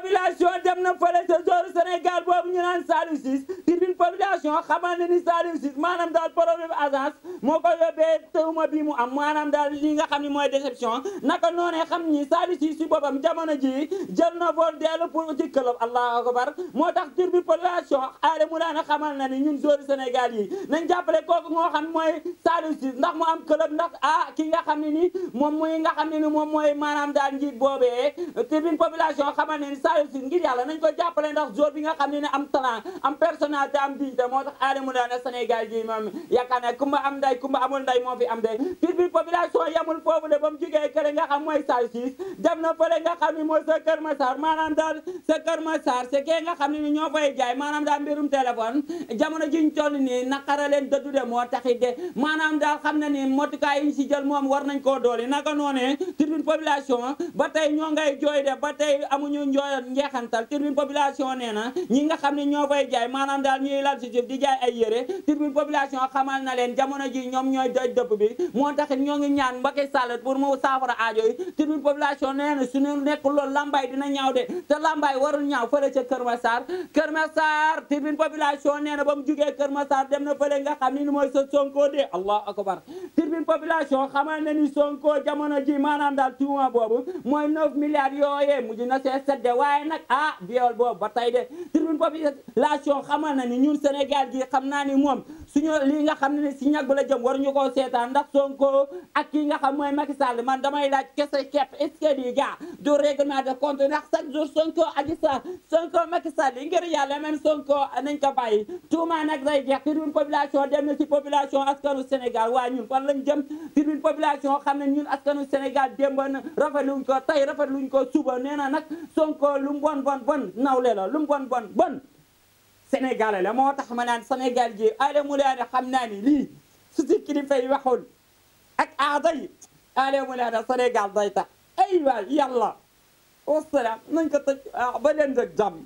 population dem na fële sa zone Sénégal boobu ñu naan Saliou Ciss Tribune population xamal na ni Saliou Ciss maanaam daal problème agence moo ko yóbbee tëwma bi mu am maanaam daal li nga xam ne mooy déception naka noonee xam ni Saliou Ciss si boppam jamono ji jël na vol dellu pour ci club allahu akbar moo tax Tribune population aale mu daan xamal na ni ñun zone Sénégal yi nañ jàppale kooku moo xam mooy Saliou Ciss ndax mu am club ndax ah ki nga xam ni moom muy nga xam ne ni moom mooy maanaam daal njiit Aliou Cissé ngir yàlla nañ ko jàppale ndax jour bi nga xam ne ne am talent am personnalité am dignité moo tax aada mu daane Sénégal ji moom yaakaar ne kumba am nday kumba amul nday moo fi am de ci biir population yamul foofu de ba mu jugee kër nga xam mooy Sall siis dem na fële nga xam ne mooy sa Kër maanaam daal sa Kër Massar nga xam ni ñoo fay jaay maanaam daal mbirum téléphone jamono jiñ toll nii naqara leen dëddu de moo taxit de maanaam daal xam na ni motukaay yi si jël moom war nañ koo dooli naka noonee ci biir population ba njeexantal tribune population nee na ñi nga xam ne ñoo fay jaay maanaam daal ñuy lal si suuf di jaay ay yére tribune population xamal na leen jamono ji ñoom ñooy doj dëpp bi moo taxit ñoo ngi ñaan Macky Sall pour mu saafara aajo yi tribune population nee na suñu nekk loolu lambaay dina ñaaw de te lambaay warul ñaaw fële ca Kër Massar Kër Massar tribune population nee na ba mu jugee Kër Massar dem na fële nga xam ne ni mooy sa Sonko de allah akbar tribune population xamal na ni Sonko jamono ji maanaam daal tuuma boobu mooy 9 milliards yooyee mujj na see sedde waaye nag ah viol boobu ba tey de tribune population xamal na ni ñun Sénégal gi xam naa ni moom suñu lii nga xam ne si ñàgg la jëm ñu ko seetaan ndax Sonko ak kii nga xam mooy Macky Sall man damay laaj kese kepp est-ce que lii gars du règlement de compte ndax chaque jour Sonko Adji Sarr Sonko Macky Sall ngir yàlla même Sonko nañ ko bàyyi ma nag day jeex tribune population dem na ci population askanu Sénégal waa ñun fan lañ jëm tribune population xam ne ñun askanu Sénégal démb na rafetluñ ko tey rafetluñ ko suba nee na nag Sonko lu mu bon bon bon nawle la lu mu bon bon bon sénégalais la moo tax ma naan sénégal gi Allé Moulana xam naa ni lii su si kilifa yi waxul ak aada yi Allé Moulana sénégal day tax ay waay yàlla wasalaam nañ ko tëj ba leen dëg jàmm